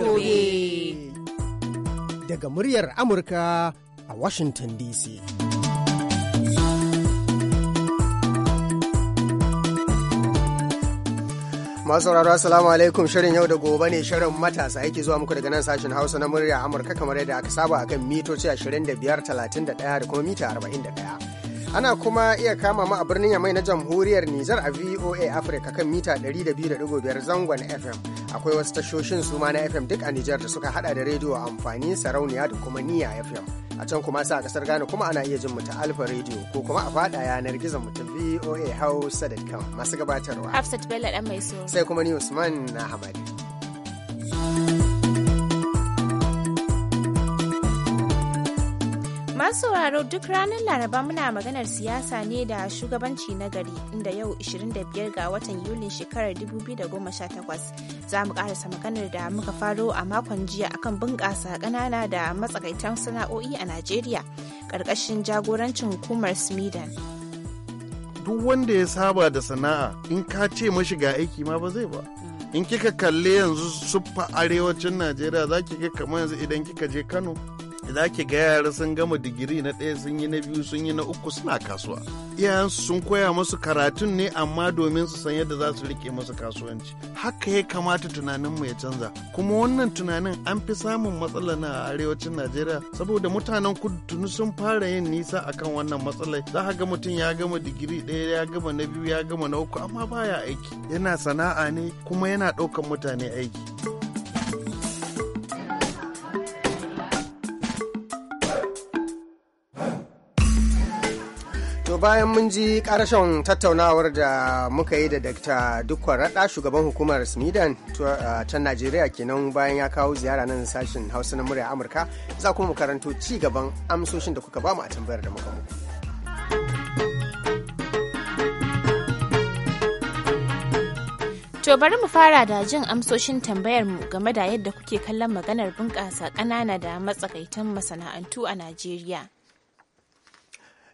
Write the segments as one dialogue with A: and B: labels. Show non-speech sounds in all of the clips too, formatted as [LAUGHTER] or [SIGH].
A: gobe.
B: Daga muryar Amurka a Washington DC. masu sauraro assalamu alaikum shirin yau da gobe ne shirin matasa yake zuwa muku daga nan sashen hausa na murya amurka kamar yadda aka saba akan mitoci 25 31 da kuma mita 41 Ana kuma iya kama mu a birnin Yamai na Jamhuriyar Nijar a VOA Africa kan mita 200.5 zangon FM. Akwai wasu tashoshin suma na FM duk a Nijar da suka hada da rediyo amfani sarauniya da kuma niya FM. A can kuma sa a kasar Ghana kuma ana iya jin mu Alfa rediyo ko kuma a fada yanar gizon mu ta VOA Hausa.com masu gabatarwa.
C: Hafsat Bello dan mai so.
B: Sai kuma ni Usman Ahmad.
C: Masu sauraro duk ranar Laraba muna maganar siyasa ne da shugabanci na gari inda yau 25 ga watan Yulin shekarar 2018 za mu karasa maganar da muka faro a makon jiya akan bunƙasa ƙanana da matsakaitan sana'o'i a Najeriya ƙarƙashin jagorancin hukumar Smidan.
D: Duk wanda ya saba da sana'a in ka ce mashi ga aiki ma ba zai ba. In kika kalli yanzu suffa arewacin Najeriya za ki ga kamar yanzu idan kika je Kano ina ke ga yara sun gama digiri na ɗaya sun yi na biyu sun yi na uku suna kasuwa iyayensu sun koya musu karatun ne amma domin su san yadda za su rike musu kasuwanci haka ya kamata tunaninmu ya canza kuma wannan tunanin an fi samun matsala na a arewacin najeriya saboda mutanen kudu tuni sun fara yin nisa akan wannan matsalar za ga mutum ya gama digiri ɗaya ya gama na biyu ya gama na uku amma baya aiki yana sana'a ne kuma yana ɗaukan mutane aiki
B: bayan mun ji karashen tattaunawar da muka yi da Dr. dukwar Rada shugaban hukumar Smidan uh, ta Najeriya kenan bayan ya kawo ziyara nan sashen Hausa na murya Amurka za kuma mu karanto ci gaban amsoshin da kuka bamu a tambayar da muka muku.
C: To bari mu fara da jin amsoshin tambayar mu game da yadda kuke kallon maganar bunƙasa ƙanana da matsakaitan masana'antu a Najeriya.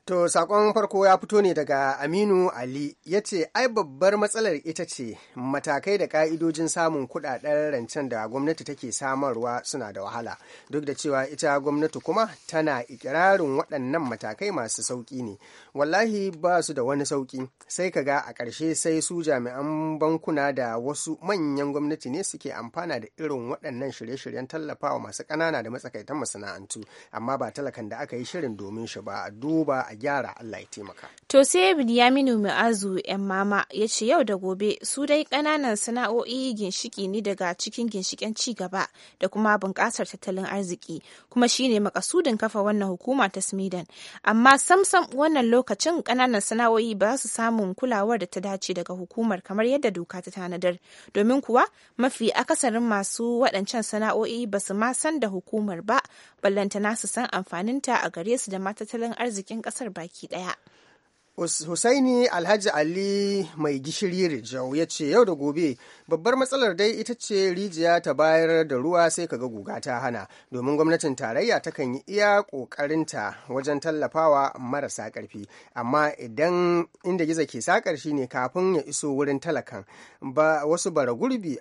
B: To saƙon farko ya fito ne daga Aminu Ali ya ce ai babbar matsalar ita ce matakai da ƙa'idojin samun kuɗaɗen rancen da gwamnati take samarwa suna da wahala duk da cewa ita gwamnati kuma tana ikirarin waɗannan matakai masu sauƙi ne wallahi ba su da wani sauƙi sai ka ga a ƙarshe sai su jami'an bankuna da wasu manyan gwamnati ne suke amfana da irin waɗannan shirye-shiryen tallafawa masu ƙanana da matsakaitan masana'antu amma ba talakan da aka yi shirin domin shi ba a duba a gyara Allah ya taimaka.
C: To sai Binyaminu Mu'azu ‘yan mama ya ce yau da gobe su dai ƙananan sana'o'i ginshiki ne daga cikin ginshiken ci gaba da kuma bunƙasar tattalin arziki kuma shine makasudin kafa wannan hukuma ta Sweden. Amma samsam wannan lokacin ƙananan sana'o'i ba su samun kulawar da ta dace daga hukumar kamar yadda doka ta tanadar. Domin kuwa mafi akasarin masu waɗancan sana'o'i ba su ma san da hukumar ba, ballantana su san amfaninta a gare su da ma arzikin ƙasar baki ɗaya.
B: Hussaini Alhaji Ali mai gishiri Rijau ya ce yau da gobe babbar matsalar dai ita ce rijiya ta bayar da ruwa sai kaga guga ta hana domin gwamnatin tarayya ta kan yi iya ƙoƙarinta wajen tallafawa marasa ƙarfi amma idan inda giza ke sakar shi ne kafin ya iso wurin talakan ba wasu bara gurbi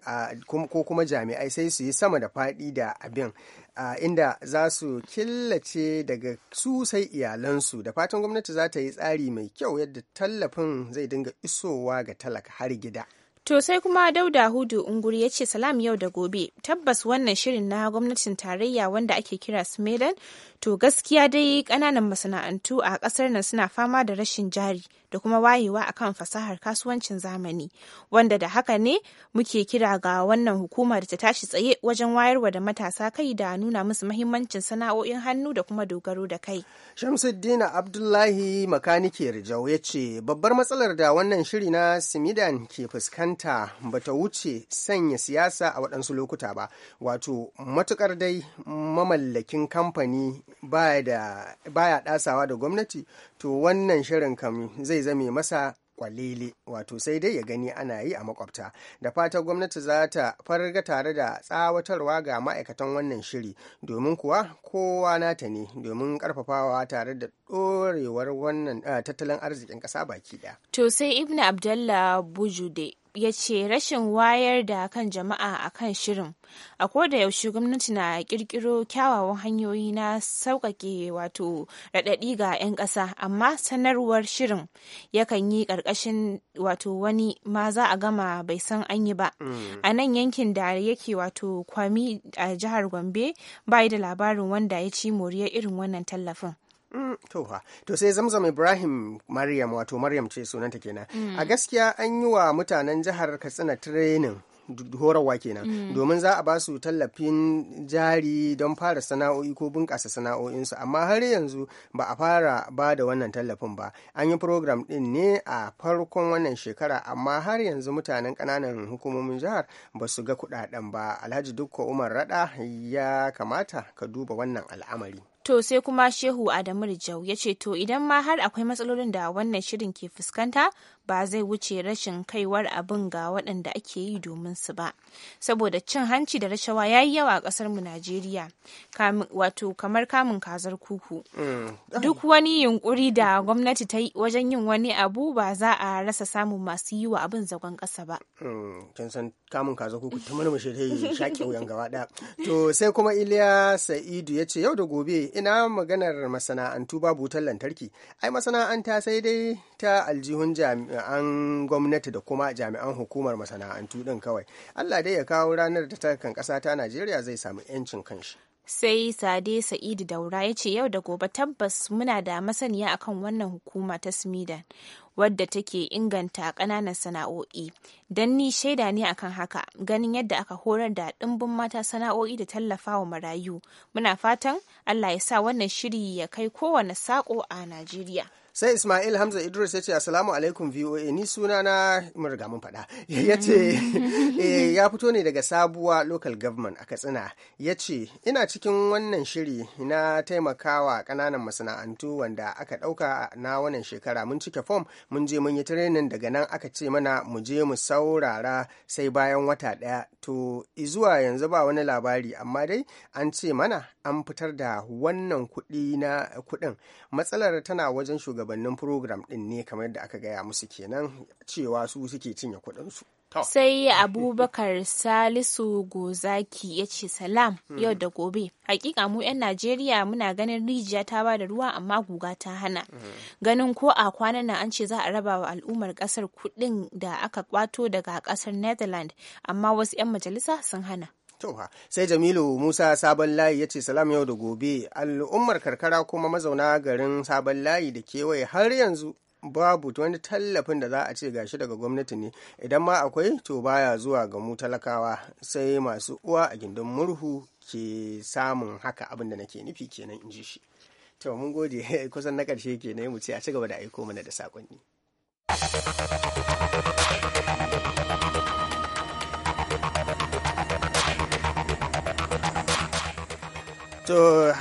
B: ko kuma jami'ai sai su yi sama da faɗi da abin a inda za su killace daga su sai iyalansu da fatan gwamnati za ta yi tsari mai kyau yadda tallafin zai dinga isowa ga talaka har gida.
C: To sai kuma Dauda Hudu Unguri ya ce salam yau da gobe tabbas wannan shirin na gwamnatin tarayya wanda ake kira Smedan To gaskiya dai ƙananan masana'antu a ƙasar nan suna fama da rashin jari da kuma wayewa a kan fasahar kasuwancin zamani, wanda da haka ne muke kira ga wannan hukuma da ta tashi tsaye wajen wayarwa da matasa kai da nuna musu mahimmancin sana'o'in hannu da kuma dogaro da kai. Shamsuddina
B: Abdullahi makanike Rijau ya ce babbar matsalar da wannan shiri na Simidan ke fuskanta ba ta wuce sanya siyasa a waɗansu lokuta ba, wato matukar dai mamallakin kamfani baya ɗasawa da gwamnati to wannan shirin kam zai zame masa kwalele wato sai dai ya gani ana yi a makwabta da fatan gwamnati za ta farga tare da tsawatarwa ga ma'aikatan wannan shiri domin kuwa kowa nata ne domin karfafawa tare da dorewar wannan eh, tattalin arzikin ƙasa baki ɗaya.
C: to sai ibn abdallah bujude ya ce rashin wayar da kan jama'a a kan shirin a koda yaushe gwamnati na kirkiro kyawawan hanyoyi na sauƙaƙe wato raɗaɗi ga 'yan ƙasa amma sanarwar shirin yakan yi ƙarƙashin wato wani ma za a gama bai san an yi ba mm. a nan yankin da yake wato kwami a jihar gombe bai da labarin wanda ya ci moriya irin wannan tallafin Mm,
B: Toha to sai zamzam ibrahim maryam wato maryam ce sunanta kenan mm. a gaskiya an yi wa mutanen jihar katsina training horarwa kenan mm. domin za a ba su tallafin jari don fara sana'o'i ko bunƙasa sana'o'insu amma har yanzu ba a fara ba da wannan tallafin ba an yi program ɗin ne a farkon wannan shekara amma har yanzu mutanen ƙananan hukumomin jihar ba su ga kuɗaɗen ba alhaji dukko umar rada ya kamata ka duba wannan al'amari
C: To sai kuma Shehu Adamu Rijau ya ce to idan ma har akwai matsalolin da wannan shirin ke fuskanta ba zai wuce rashin kaiwar abin ga waɗanda ake yi domin su ba saboda cin hanci da rashawa ya yi yawa a ƙasar mu najeriya wato kamar kamun kazar kuku mm. duk wani yunkuri da gwamnati ta yi wajen yin wani abu ba za a rasa samun masu yi wa abin zagon ƙasa ba
B: mm, kin san kamun kazar kuku ta mushe dai wuyan gaba ɗaya to sai kuma iliya sa'idu ya ce yau da gobe ina maganar masana'antu babu wutar lantarki ai masana'anta sai dai ta aljihun jami'a jami'an gwamnati da kuma jami'an hukumar masana'antu din kawai allah dai ya kawo ranar da takan kasa ta najeriya zai samu 'yancin
C: kanshi sai sade sa'idu daura ya ce yau da gobe tabbas muna da masaniya akan wannan hukuma ta smidan wadda take inganta kananan sana'o'i don ni shaida ne akan haka ganin yadda aka horar da ɗimbin mata sana'o'i da tallafawa marayu muna fatan allah ya sa wannan shiri ya kai kowane sako a najeriya
B: sai ismail hamza idris ya ce assalamu alaikum voa ni suna na murga mun faɗa [LAUGHS] ya ce mm. eh, ya fito ne daga sabuwa local government a katsina ya ce ina cikin wannan shiri na taimakawa ƙananan masana'antu wanda aka ɗauka na wannan shekara mun cike fom mun je mun yi training daga nan aka ce mana mu je mu saurara sai bayan wata ɗaya to izuwa yanzu ba wani labari amma dai an ce mana an fitar da wannan kuɗi na kuɗin matsalar tana wajen shugaban shugabannin program din ne kamar da aka gaya musu kenan cewa su suke cinye kudinsu.
C: Sai Abubakar Salisu Gozaki ya ce salam hmm. yau da gobe. Hakika mu 'yan Najeriya muna ganin rijiya ta ba da ruwa amma guga ta hana. Hmm. Ganin ko a kwanan na an ce za a raba wa al'ummar kasar kuɗin da aka kwato daga kasar Netherlands amma wasu 'yan majalisa sun hana.
B: sai jamilu musa sabon layi ya ce salam yau da gobe al'ummar karkara kuma mazauna garin sabon layi da kewaye har yanzu babu wani tallafin da za a ce gashi daga gwamnati ne idan ma akwai to baya zuwa ga mu talakawa sai masu uwa a gindin murhu ke samun haka abin da nake nufi kenan in ji shi to mun gode [LAUGHS] kusan na karshe kenan mu ce a ci gaba da aiko mana da sakonni To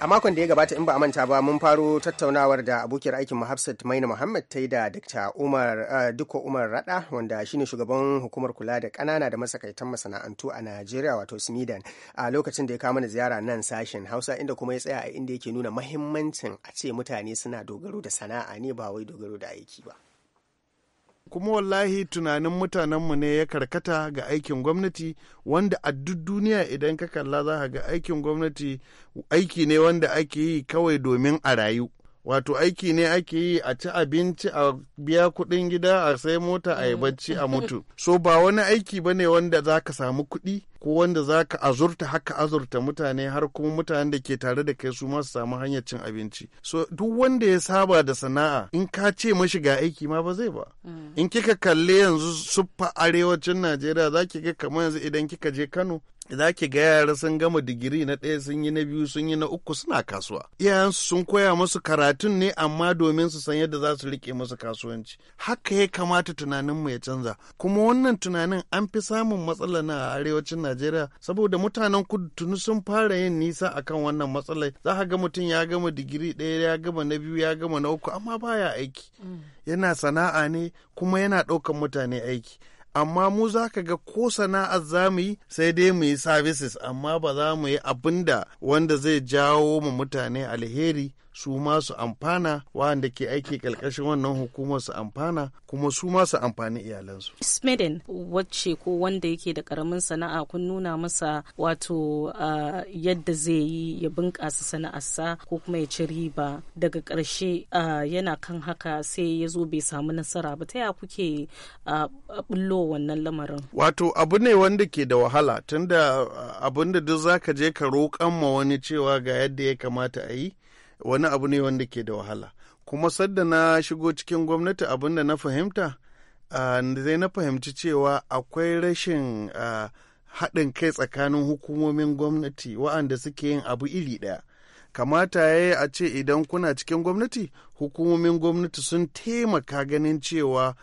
B: a makon da ya gabata in ba a manta ba mun faro tattaunawar da abokiyar aikin Hafsat Maina Muhammad ta yi da Dr. Umar Dukko Umar Rada wanda shine shugaban hukumar kula da kanana da masakaitan masana'antu a Najeriya wato Smidan a lokacin da ya kama mana ziyara nan sashen Hausa inda kuma ya tsaya a inda yake nuna mahimmancin a ce mutane suna dogaro da sana'a ne ba wai dogaro da aiki ba.
D: kuma wallahi tunanin mutanenmu ne ya karkata ga aikin gwamnati wanda a duk duniya idan ka kalla za ga aikin gwamnati aiki ne wanda ake yi kawai domin a rayu wato aiki ne ake yi a ci abinci a biya kuɗin gida a sai mota a yi mm. bacci a mutu [LAUGHS] so ba wani aiki ba ne wanda za ka samu kuɗi ko wanda za ka azurta haka azurta mutane har kuma mutanen da ke tare da kai su ma samu hanyar cin abinci so duk wanda ya saba da sana'a in ka ce mashi ga aiki ma ba zai ba mm. in kika kalle yanzu suffa arewacin najeriya za ki ga kamar yanzu idan kika je kano za ki ga yara sun gama digiri na ɗaya sun yi na biyu sun yi na uku suna kasuwa iyayensu sun koya musu karatun ne amma domin su san yadda za su rike musu kasuwanci haka ya kamata tunanin mu ya canza kuma wannan tunanin an fi samun matsala na a arewacin najeriya saboda mutanen kudu tuni sun fara yin nisa akan wannan matsalar za ka ga mutum ya gama digiri ɗaya ya gama na biyu ya gama na uku amma baya aiki mm. yana sana'a ne kuma yana ɗaukan mutane aiki amma mu za ka ga ko sana'ar za mu yi sai dai mu yi services amma ba za mu yi abin da wanda zai jawo mu mutane alheri su ma su amfana waɗanda ke aiki ƙarƙashin wannan hukumar su amfana kuma su ma su amfani iyalansu.
A: Smeden wacce ko wanda yake da ƙaramin sana'a kun nuna masa wato yadda zai yi ya bunƙasa sana'arsa ko kuma ya ci riba daga ƙarshe yana kan haka sai ya zo bai samu nasara ba ta ya kuke bullo wannan lamarin.
D: Wato abu ne wanda ke da wahala tunda abin da duk zaka je ka roƙan ma wani cewa ga yadda ya kamata a yi wani abu ne wanda ke da wahala kuma sadda na shigo cikin gwamnati abin da na fahimta zai na fahimci cewa akwai rashin haɗin kai tsakanin hukumomin gwamnati wa'anda suke yin abu iri ɗaya kamata ya a ce idan kuna cikin gwamnati hukumomin gwamnati sun taimaka ganin cewa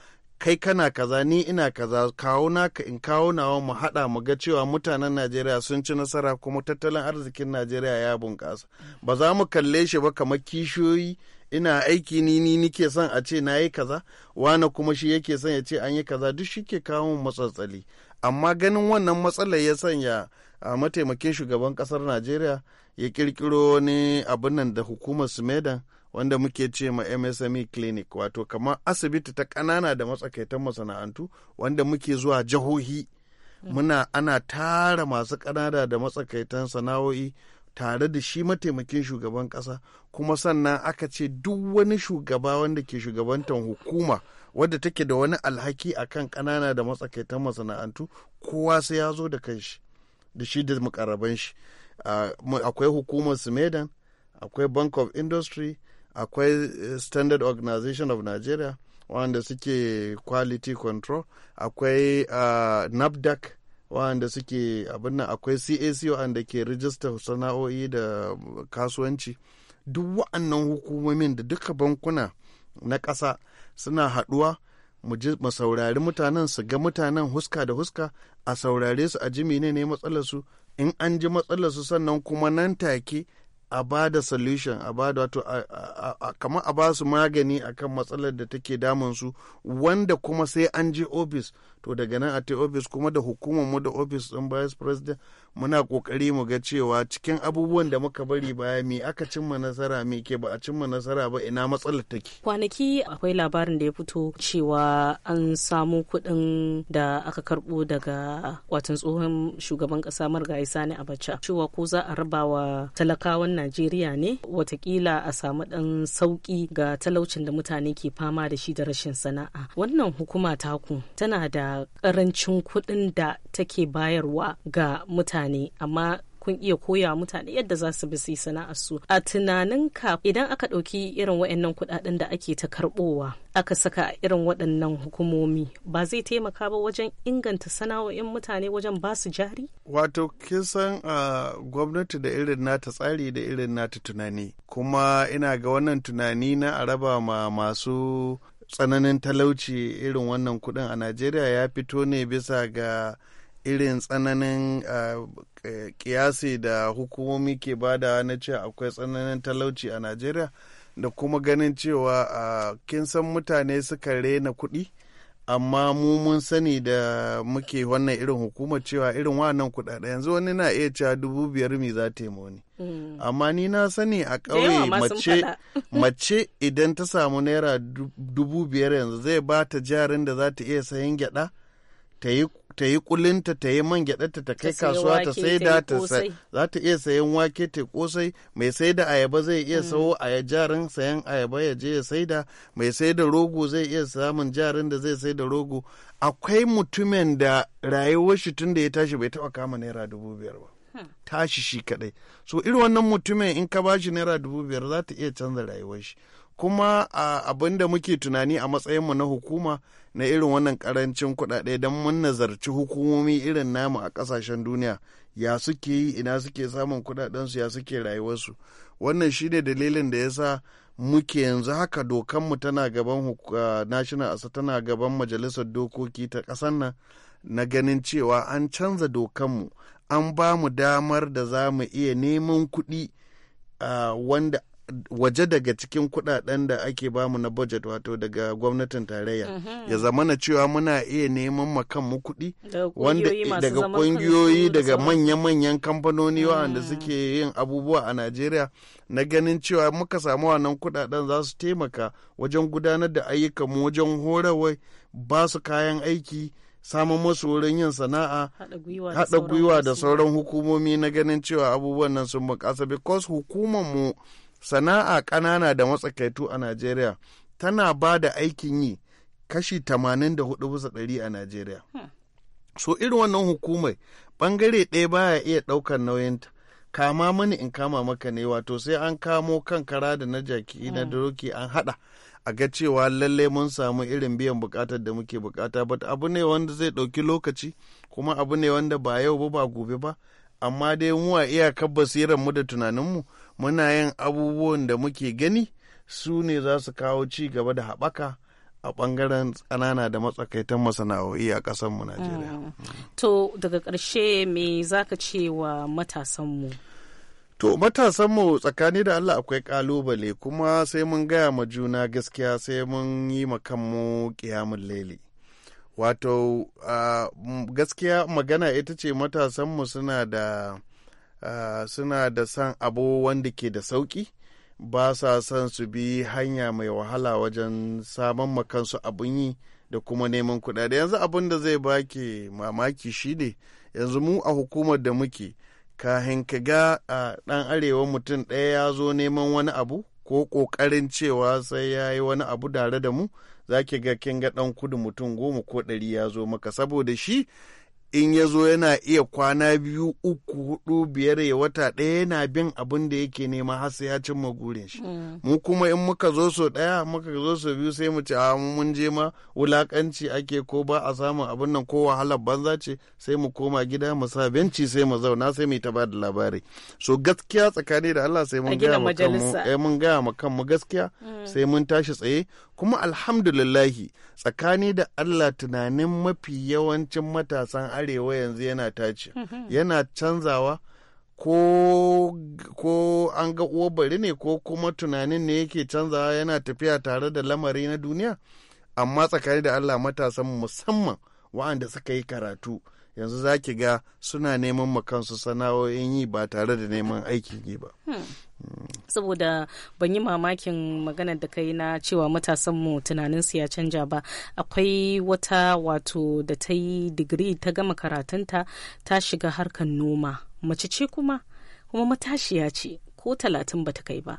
D: kai kana kaza ni ina kaza kawo naka in kawo nawa mu haɗa mu ga cewa mutanen najeriya sun ci nasara kuma tattalin arzikin najeriya ya bunƙasa ba za mu kalle shi ba kamar kishiyoyi ina aiki ni ni nike son a ce na yi kaza wani kuma shi yake son ya ce an yi kaza duk shi ke kawo matsatsali amma ganin wannan matsalar ya sanya a mataimakin shugaban kasar najeriya ya kirkiro wani abin nan da hukumar sumedan wanda muke ce ma MSME clinic wato kamar asibiti ta kanana da matsakaitan masana'antu wanda muke zuwa jihohi muna ana tara masu ƙanana da matsakaitan sana'o'i tare da shi mataimakin shugaban kasa kuma sannan aka ce duk wani shugaba wanda ke shugabantan hukuma wadda take da wani alhaki a kan kanana da matsakaitan masana'antu kowa sai ya zo da kanshi da shi da mukarraban shi ah, akwai hukumar sumedan akwai bank of industry akwai eh, standard organization of nigeria wanda suke quality control akwai uh, ah, nafdac wanda suke abin nan akwai cac wanda ke register sana'o'i da kasuwanci duk wa'annan hukumomin da duka bankuna na ƙasa suna haɗuwa mu saurari mutanen su ga mutanen huska da huska a saurare su a ji ne matsalarsu in an ji matsalarsu sannan kuma nan take a ba da solution a ba da wato kamar a ba su magani akan matsalar da take damun su wanda kuma sai an je ofis to daga nan a ta ofis kuma da hukumar mu da ofis ɗin vice president muna kokari mu ga cewa cikin abubuwan da muka bari baya me aka cimma nasara me ke ba a cimma nasara ba ina matsalar take
A: kwanaki akwai labarin da ya fito cewa an samu kuɗin da aka karbo daga watan tsohon shugaban ƙasa margayi sani abacha cewa ko za a raba wa talakawan najeriya ne watakila a samu ɗan sauki ga talaucin da mutane ke fama da shi da rashin sana'a wannan hukuma taku tana da karancin kuɗin da take bayarwa ga mutane amma kun iya koya mutane yadda za su bi su sana'ar su a tunaninka idan aka ɗauki irin waɗannan kuɗaɗen da ake ta karɓowa aka saka a irin waɗannan hukumomi ba zai taimaka ba wajen inganta sana'o'in mutane wajen ba su jari
D: wato kin san a gwamnati da irin nata tsari da irin nata tunani kuma ina ga wannan tunani na araba ma masu tsananin talauci irin wannan kudin a najeriya ya fito ne bisa ga irin tsananin kiyasi da hukumomi ke bada na cewa akwai tsananin talauci a najeriya da kuma ganin cewa kin san mutane suka rena kuɗi amma mu mun sani da muke wannan irin hukumar cewa irin wannan kuɗaɗe yanzu wani na iya cewa dubu biyar mi za ta yi hmm. amma ni na sani a ƙauye [LAUGHS] mace idan ta samu naira dubu biyar yanzu zai ba ta jarin da za ta iya sayan gyaɗa ta yi ta yi kulinta ta yi man gyaɗarta ta kai kasuwa ta saida ta za ta iya sayan wake ta kosai mai saida ayaba zai iya mm. sawo a jarin sayan ayaba ya je ya saida mai saida rogo zai iya samun jarin da zai saida rogo akwai mutumin da rayuwar shi tun da ya tashi bai taɓa kama naira dubu biyar ba hmm. tashi shi kaɗai so irin wannan mutumin in ka bashi naira dubu biyar za ta iya canza rayuwar shi kuma abin da muke tunani a matsayinmu na hukuma na irin wannan karancin kuɗaɗe don mun nazarci hukumomi irin namu a ƙasashen duniya ya suke yi ina suke samun kuɗaɗensu ya suke rayuwarsu wannan shi ne dalilin da ya sa muke yanzu haka dokanmu tana gaban national asa tana gaban majalisar dokoki ta ƙasar nan na ganin cewa an canza dokanmu an ba mu damar da za mu iya neman kuɗi wanda waje daga cikin kudaden da ake bamu na budget wato daga gwamnatin tarayya mm -hmm. ya zamana cewa muna iya neman makan mu kuɗi
A: wanda daga kungiyoyi daga
D: manya-manyan kamfanoni da mhm. suke yin abubuwa a Najeriya na ganin cewa muka samu wannan kudaden za su taimaka wajen gudanar da ayyukan mu wajen horawai ba su kayan aiki samun masu wurin yin sana'a
A: haɗa gwiwa
D: da sauran hukumomi na ganin cewa abubuwan nan sun bukasa because hukumar mu sana'a ƙanana da matsakaitu a najeriya tana ba da aikin yi kashi 84 bisa ɗari a najeriya hmm. so irin wannan hukumai bangare ɗaya baya iya ɗaukar nauyinta kama mani in kama maka ne wato sai an kamo kan kara da na jaki na hmm. doki an haɗa a ga cewa lallai mun samu irin biyan bukatar da muke bukata but abu ne wanda zai ɗauki lokaci kuma abu ne wanda ba yau ba ba gobe ba amma dai mu a iyakar basirar mu da tunaninmu mu muna yin abubuwan da muke gani su ne za su kawo ci gaba da haɓaka a ɓangaren tsanana da matsakaitan masana'o'i a ƙasarmu
A: Najeriya. Mm. To daga ƙarshe me za ka ce wa matasanmu?
D: To matasanmu tsakani da Allah akwai ƙalubale kuma sai mun gaya ma juna gaskiya sai mun yi ma kanmu ƙiyamun laili. Wato gaskiya magana ita ce matasanmu suna da Ah, suna da san abu wanda ke da sauƙi ba sa son su bi hanya mai wahala wajen saman makansu abun yi da kuma neman kuɗaɗe yanzu abin da zai baki mamaki shine yanzu mu a hukumar da muke kahin ka ga a ɗan arewa mutum ɗaya ya zo neman wani abu ko ƙoƙarin cewa sai ya yi wani abu tare da mu za ki ga kin ga ɗan kudu mutum goma ko ɗari ya zo maka saboda shi in ya zo yana iya kwana biyu uku hudu biyar ya wata ɗaya yana bin abin da yake nema har sai ya cimma gurin shi hmm. mu kuma in muka zo so daya muka zo so biyu sai mu ce a ah, mun je ma wulakanci ake ko ba a samun abin nan ko wahalar banza ce sai mu koma gida mu sa benci sai mu zauna sai mu ta ba da labari so gaskiya tsakani da Allah sai mun gaya mu kan mu gaskiya hmm. sai mun tashi tsaye kuma alhamdulillahi tsakani da Allah tunanin mafi yawancin matasan arewa yanzu yana tace mhm. yana canzawa ko, ko an ga bari ne ko kuma tunanin ne yake canzawa yana tafiya tare da lamari na duniya amma tsakani da Allah matasan musamman waɗanda suka yi karatu yanzu za ki ga suna neman makansu sana'o'in yi ba tare da neman aikin yi ba. Hmm.
A: Hmm. saboda ban yi mamakin maganar da kai na cewa matasan matasanmu tunaninsu ya canja ba akwai wata wato da ta yi digiri ta gama karatunta ta shiga harkar noma mace ce kuma kuma matashiya ce ko talatin ba ta kai ba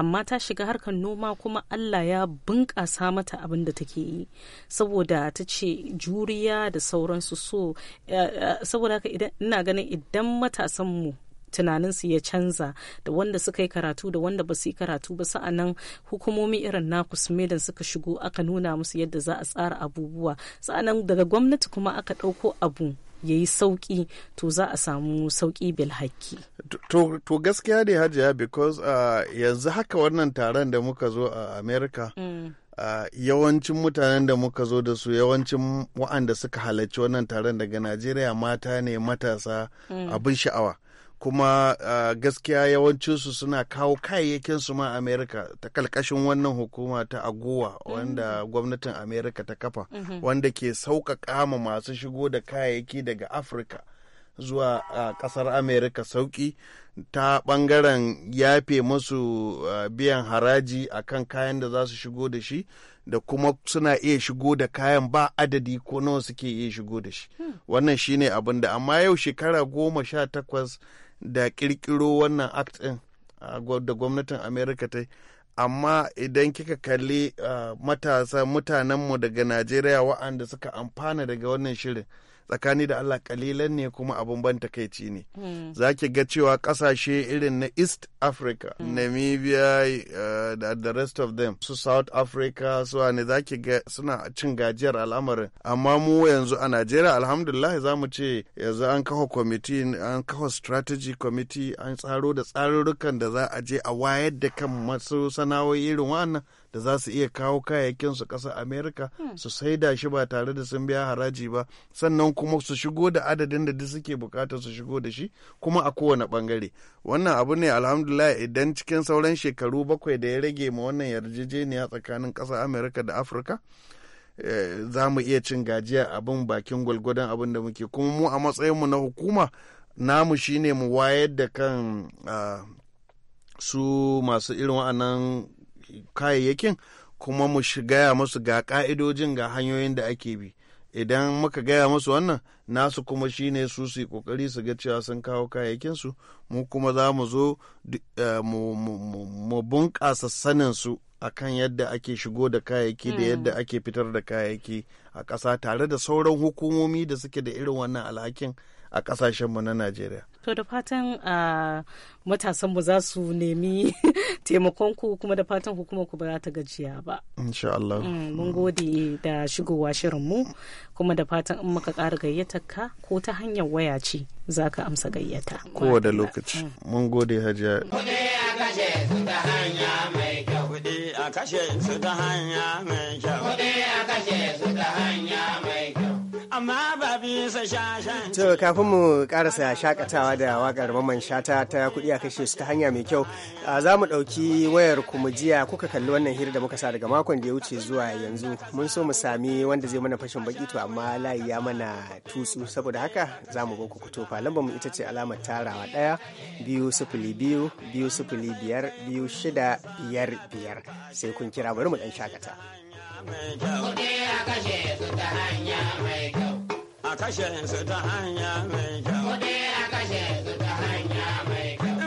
A: amma ta shiga harkar noma kuma allah ya bunƙasa mata abin da take yi saboda ta ce juriya da sauransu so eh, eh, saboda haka ina ganin idan matasan matasanmu tunaninsu ya canza da wanda suka yi karatu da wanda ba su yi karatu ba sa'annan hukumomi irin naku sumedan suka shigo aka nuna musu yadda za a tsara abubuwa sa'annan daga gwamnati kuma aka ɗauko abu ya yi sauki to za a samu sauƙi bilhakki.
D: To gaskiya ne hajiya because uh, yanzu haka wannan taron da muka zo a America. Mm. Uh, yawancin mutanen da muka zo da su yawancin wa'anda suka halarci wannan taron daga najeriya mata ne matasa mm. abin sha'awa kuma gaskiya yawancinsu suna kawo kayayyakin su ma Amerika ta kalkashin wannan hukuma ta agowa mm. wanda gwamnatin Amerika ta kafa mm-hmm. wanda ke sauƙaƙa ma masu shigo da kayayyaki daga afirka zuwa ƙasar Amerika sauƙi ta ɓangaren yafe masu biyan haraji akan kayan da za su shigo da shi da kuma suna iya shigo da kayan ba adadi ko nawa suke iya shigo da shi hmm. wannan shine abin da amma yau shekara goma sha takwas da kirkiro wannan act din da gwamnatin america ta amma idan kika kalli matasa mutanenmu daga najeriya wa'anda suka amfana daga wannan shirin tsakani da Allah kalilan ne kuma abun ban takaici ne hmm. za ki ga cewa kasashe irin na East Africa hmm. Namibia eh, da the rest of them su South Africa su ne za ki ga suna cin gajiyar al'amarin amma mu yanzu a Najeriya alhamdulillah za mu ce yanzu an kafa kwamiti an kafa strategy committee an tsaro da tsarurrukan da za a je a wayar da kan masu sana'o'i irin wannan da za su iya kawo kayayyakin su ƙasar Amerika. Hmm. su saida shi ba tare da sun biya haraji ba sannan kuma su shigo da adadin da duk suke bukata su shigo da shi kuma a kowane bangare wannan abu ne alhamdulillah idan cikin sauran shekaru bakwai da ya rage ma wannan yarjejeniya tsakanin ƙasar Amerika da afirka eh, za mu iya cin gajiya abin bakin gwalgwadon abin da muke kuma mu a matsayin mu na hukuma namu shine mu wayar da kan ah, su masu irin wa'annan kayayyakin kuma mu gaya musu ga ka'idojin ga hanyoyin da ake bi idan muka gaya musu wannan nasu kuma shine su su kokari su ga cewa sun kawo kayayyakin su mu kuma za mu zo eh, mu bunƙasa sanin su akan yadda ake shigo da kayayyaki da yadda hmm. ake fitar da kayayyaki a ƙasa tare da sauran hukumomi da suke da irin wannan alhakin a ƙasashenmu na najeriya
A: to da fatan ah, matasan mu za su nemi [LAUGHS] taimakon ku kuma da fatan hukumar ku ba za ta gajiya ba
D: insha Allah mm,
A: mun gode da shigowa shirin mu kuma da fatan in muka ƙara gayyatar ka ko ta hanyar waya ce za ka amsa gayyata kowa
D: da lokaci mm. mun
E: gode hajiya Kuɗi a kashe su ta hanya mai kyau. Kuɗi a kashe su ta hanya mai kyau.
B: To kafin mu karasa shakatawa da wakar Maman Shata ta kuɗi a kashe su ta hanya mai kyau za mu ɗauki wayar kuma jiya kuka kalli wannan hira da muka sa daga makon da ya wuce zuwa yanzu mun so mu sami wanda zai mana fashin baki to amma layi ya mana tutsu saboda haka za mu goku ku tofa lambar mu ita ce alamar tarawa ɗaya biyu sufuli biyu biyu sufuli biyar biyu shida biyar biyar sai kun kira bari mu ɗan
C: shakata.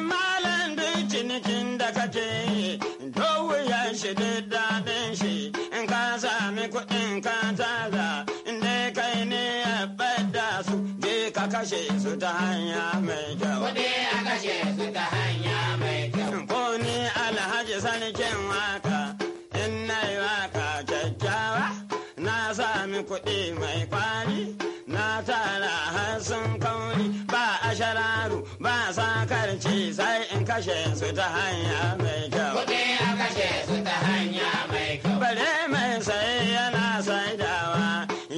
E: mai cinikin da kake ya shi daɗin shi in ka sami kuɗin ka in kai ne ya bada su je ka kashe su ta hanya mai kashe su ta hanya mai kyau. Kuɗi a kashe su ta hanya mai kyau. Bare mai saye yana saidawa,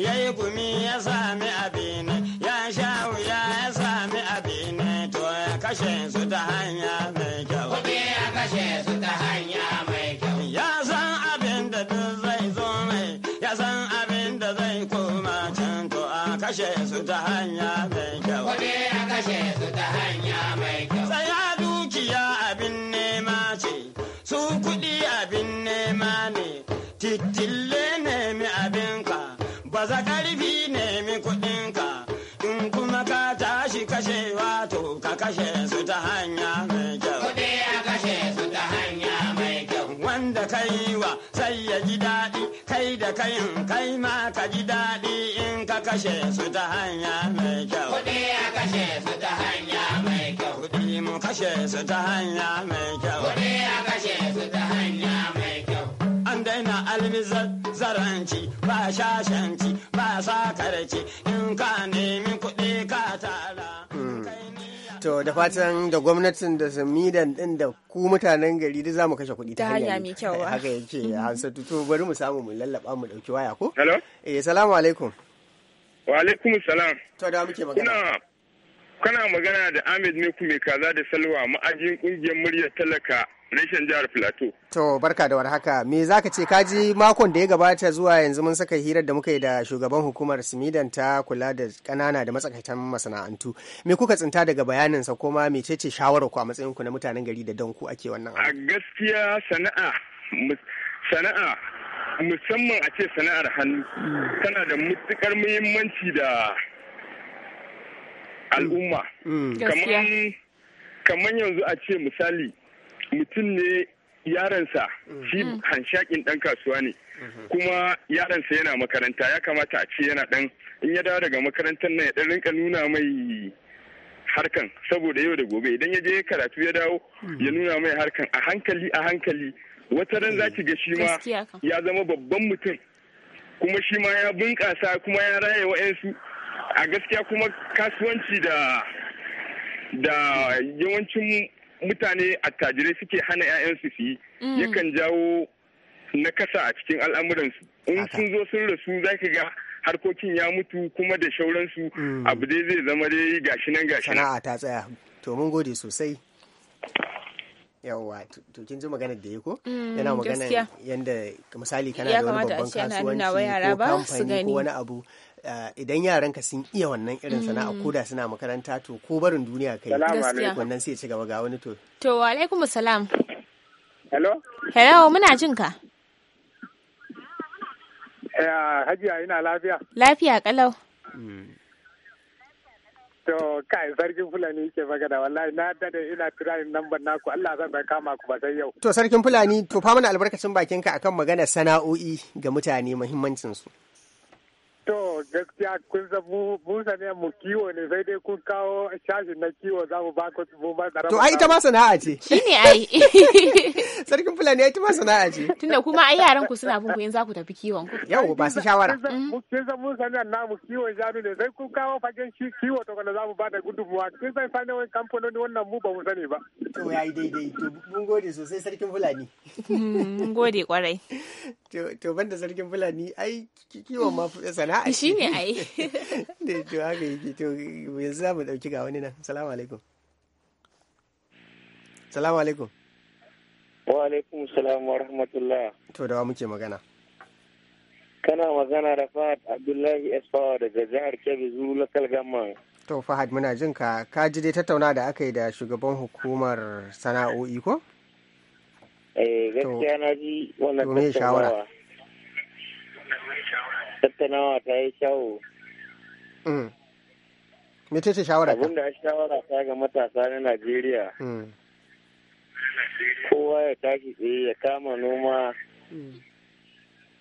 E: ya yi gumi ya sami abin, ya sha wuya ya sami abin, to ya kashe su ta hanya mai kyau. Kuɗi a kashe su ta hanya mai kyau. Ya san abin da duk zai zo mai, ya san abin da zai koma can to a kashe su ta hanya Titille nemi abinka, baza ƙarfi nemi kuɗinka, in kuma ka tashi kashe wato ka kashe su ta hanya mai kyau. Kuɗi a kashe su ta hanya mai kyau. Wanda kai wa sai ya ji daɗi, kai da kayin kai ma ka ji daɗi in ka kashe su ta hanya mai kyau. Kuɗi a kashe su ta hanya mai kyau. Kuɗi mu kashe su ta hanya mai kyau. Kuɗi a kashe su ta almizazzaranci ba shashanci ba sakarci in ka nemi kuɗi ka tara. Hmm. To da fatan da gwamnatin
B: da samidan din da ku mutanen gari duk za mu kashe kuɗi ta hanya mai kyau. Eh, haka yake [LAUGHS] Hansatu to bari mu samu mu lallaba mu ɗauki waya ko? Hello? Eh salamu alaikum. Wa alaikum
F: salam. To da muke magana. Kana magana da Ahmed Meku mai kaza da Salwa ma'ajin kungiyar muryar talaka reshen jihar Filato.
B: To barka da warhaka. Me zaka ce kaji makon da ya gabata zuwa yanzu mun saka hirar da muka yi da shugaban hukumar Simidan ta kula da kanana da matsakaitan masana'antu. Me kuka tsinta daga bayanin sa kuma ce shawara ku a matsayin ku na mutanen gari da danku ake wannan A
F: gaskiya sana'a sana'a musamman a ce sana'ar hannu tana da matukar muhimmanci da al'umma mm. kamar yanzu a ce misali mutum ne yaransa mm. shi mm. hanshakin dan kasuwa ne mm-hmm. kuma yaransa yana makaranta ya kamata a ce yana dan in ya dawo daga makarantar nan ya dan rinka nuna mai harkan saboda yau da gobe idan ya je karatu ya dawo ya nuna mai harkan a hankali a hankali wata ran za ki ga shi ma ya zama babban mutum kuma shi ma ya bunƙasa kuma ya raye wa'yansu a gaskiya kuma kasuwanci da da yawancin mutane attajirai suke hana 'ya'yansu su yi mm. yakan jawo nakasa a cikin al'amuransu in sun zo sun rasu za ka ga harkokin ya mutu kuma da shauransu mm. abu dai zai zama dai gashi nan gashi sana'a
B: ta tsaya to mun gode sosai yawwa to kin ji magana da ya ko mm, yana magana yanda misali kana da wani babban kasuwanci ko kamfani ko wani abu Eh, idan yaranka sun iya wannan irin sana'a mm. ko da suna makaranta to ko barin duniya kai wannan sai ci gaba ga wani to
C: to wa alaikum salam hello hello muna jin ka
F: eh, hajiya ina lafiya
C: lafiya kalau mm.
F: To kai sarkin Fulani ke magana wallahi na dade ina tirayin number naku Allah zan bai kama ku ba sai yau.
B: To sarkin Fulani to fa mana albarkacin bakinka akan magana sana'o'i ga mutane muhimmancin su.
F: To gaskiya kun san mu ne mu kiwo ne sai dai kun kawo
B: shashin na kiwo za mu ba ku mu ma To ai ita ma sana'a ce. Shi
C: ne ai. [LAUGHS] Sarkin Fulani ita ma sana'a ce. Tunda kuma ai yaran ku suna bin ku in za ku tafi kiwon ku. Yau ba su shawara. Kun san mu mm. saniyar namu kiwon shanu ne sai
F: kun kawo fagen shi kiwo to kana za mu ba da gudunmuwa. Kun san wani kamfanoni wannan mu ba mu sani ba.
B: To yi daidai to mun gode sosai Sarkin Fulani.
C: Mm, mun gode kwarai. [LAUGHS]
B: To banda Sarkin Fulani ai kiwon ma sana'a a shi ne ai [LAUGHS] da to haka yake to yanzu za mu dauki ga wani nan salamu alaikum salamu alaikum
F: wa alaikum salam wa rahmatullah
B: to da wa muke magana
F: kana magana da Fahad Abdullahi Esfawa daga jihar Kebbi Zulu Kalgama
B: to Fahad muna jin ka ka ji dai tattauna da aka yi da shugaban hukumar sana'o'i ko
F: eh gaskiya na ji wannan tattaunawa tattaunawa ta yi kyau
B: mm. mece ce shawara abin da
F: shawara ta ga matasa na najeriya mm. kowa ya tashi tsaye ya kama noma mm.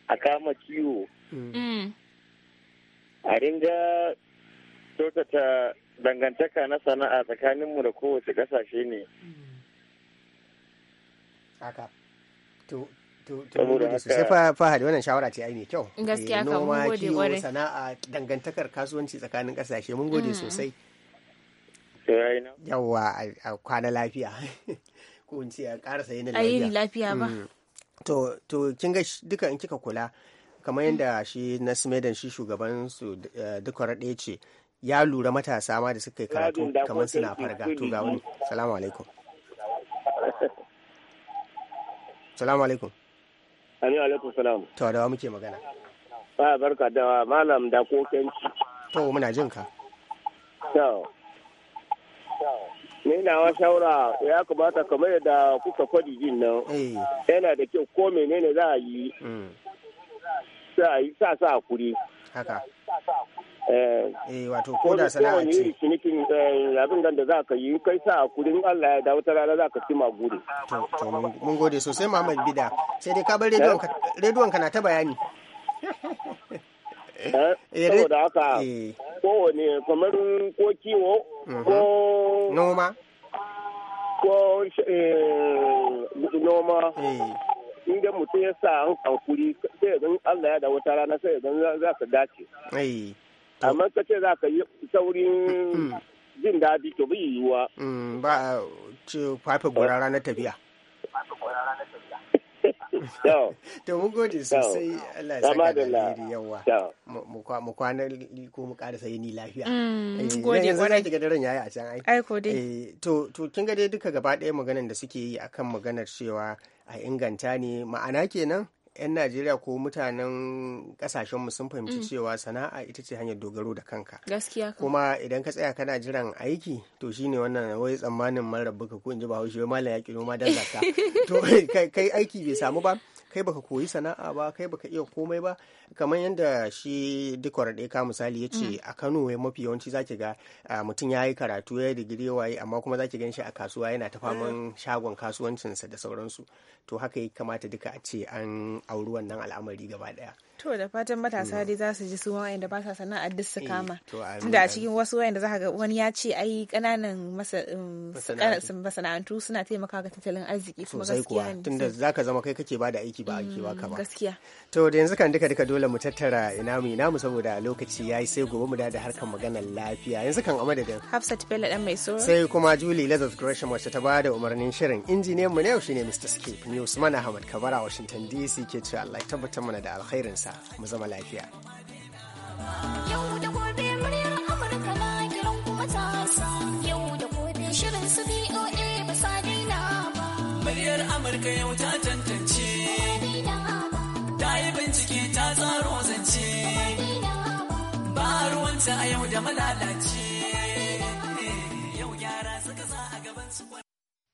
F: a kama kiwo a ringa kyautata dangantaka na sana'a tsakaninmu da kowace ƙasashe ne.
B: Haka. saboda sosai fahari wannan shawara ce ai mai kyau gaskiya eh, ka mun gode kwarai sana'a dangantakar kasuwanci tsakanin kasashe mun gode mm. sosai yawa a kwana lafiya [LAUGHS] ko in ce a karasa yin lafiya ba mm. to to kin ga duka in kika kula kamar yadda shi na smedan shi shugaban su eh, duka raɗe ce ya lura matasa ma da suka yi karatu kamar suna farga to ga wani salamu alaikum salamu alaikum Amin alaikum salam. To da muke magana.
F: Ba barka da malam da kokenci.
B: To muna jin ka.
F: To. Ni na shawara ya kamata kamar da kuka kwadi jin nan. Eh. Yana da kyau ko menene za a yi. Sa mm. a yi sa sa hakuri. Haka. Eh,
B: eh wato ko da sana'a ce
F: cinikin eh, abin da za ka yi kai sa a kudin Allah ya da wata
B: rana za ka ci maguri to to mun gode sosai Muhammad Bida sai dai ka bar eh? rediyon ka rediyon ka na ta bayani
F: [LAUGHS] saboda haka kowane kamar ko kiwo
B: mhm. ko noma
F: ko noma inda mutum ya sa an kankuri sai zan Allah ya da wata rana sai zan za ka dace amma ka ce za ka yi saurin mm. jin daɗi to bai yiwuwa
B: mm, ba ce fafe gora ranar tafiya [LAUGHS] to mu gode sosai
E: Allah ya saka da
B: yawa mu kwana ko mu karasa ni lafiya
E: mm, eh, gode yanzu
B: na kiga daren yayi a can ai ai ko dai eh, to to kin ga dai duka gaba ɗaya maganar da suke yi akan maganar cewa a inganta ne ma'ana kenan 'yan najeriya ko mutanen mu sun fahimci mm. cewa sana'a ita ce hanyar dogaro da kanka gaskiya kuma idan ka tsaya kana jiran aiki to shine wannan wai tsammanin marar ko in ji bahaushe malam ya kilo ma dan zaka [LAUGHS] to kai aiki bai samu ba kai baka koyi sana'a ba kai baka iya komai ba kamar yadda shi dikwar ɗaya ka misali ya ce mm. a kano ya mafi yawanci zaki ga mutum ya yi karatu ya yi digiri ya waye amma kuma zaki gan shi a kasuwa yana ta faman mm. shagon kasuwancinsa da sauransu to haka ya kamata duka a ce an auri wannan al'amari gaba ɗaya
C: To da fatan matasa mm. dai za su ji su wa'anda ba sa sana'a duk su eh, kama. Tunda a cikin wasu wa'anda za ga wani ya ce ai kananan um, masana'antu suna taimaka ga tattalin arziki kuma gaskiya ne. Tunda
B: za ka zama kai kake bada aiki ba ake ba kama. Mm, gaskiya. To da yanzu kan duka duka dole mu tattara ina mu ina mu saboda lokaci yi sai gobe mu da harkar maganar lafiya. Yanzu kan amada da.
C: Hafsat Bello dan mai so. Sai
B: kuma Julie Lazarus Gresham wacce ta bada umarnin shirin injiniyan mu na yau shine Mr. Skip News Usman Ahmad Kabara Washington DC ke cewa Allah ya tabbatar mana da sa. zama lafiya.
E: Yau da gobe muryar Amurka na kiran kuma yau da gobe shirin su BOA ba sa daina ba. Muryar Amurka yau ta tantance. Ta yi bincike ta tsaro zance. Ba ruwanta a yau da malalace.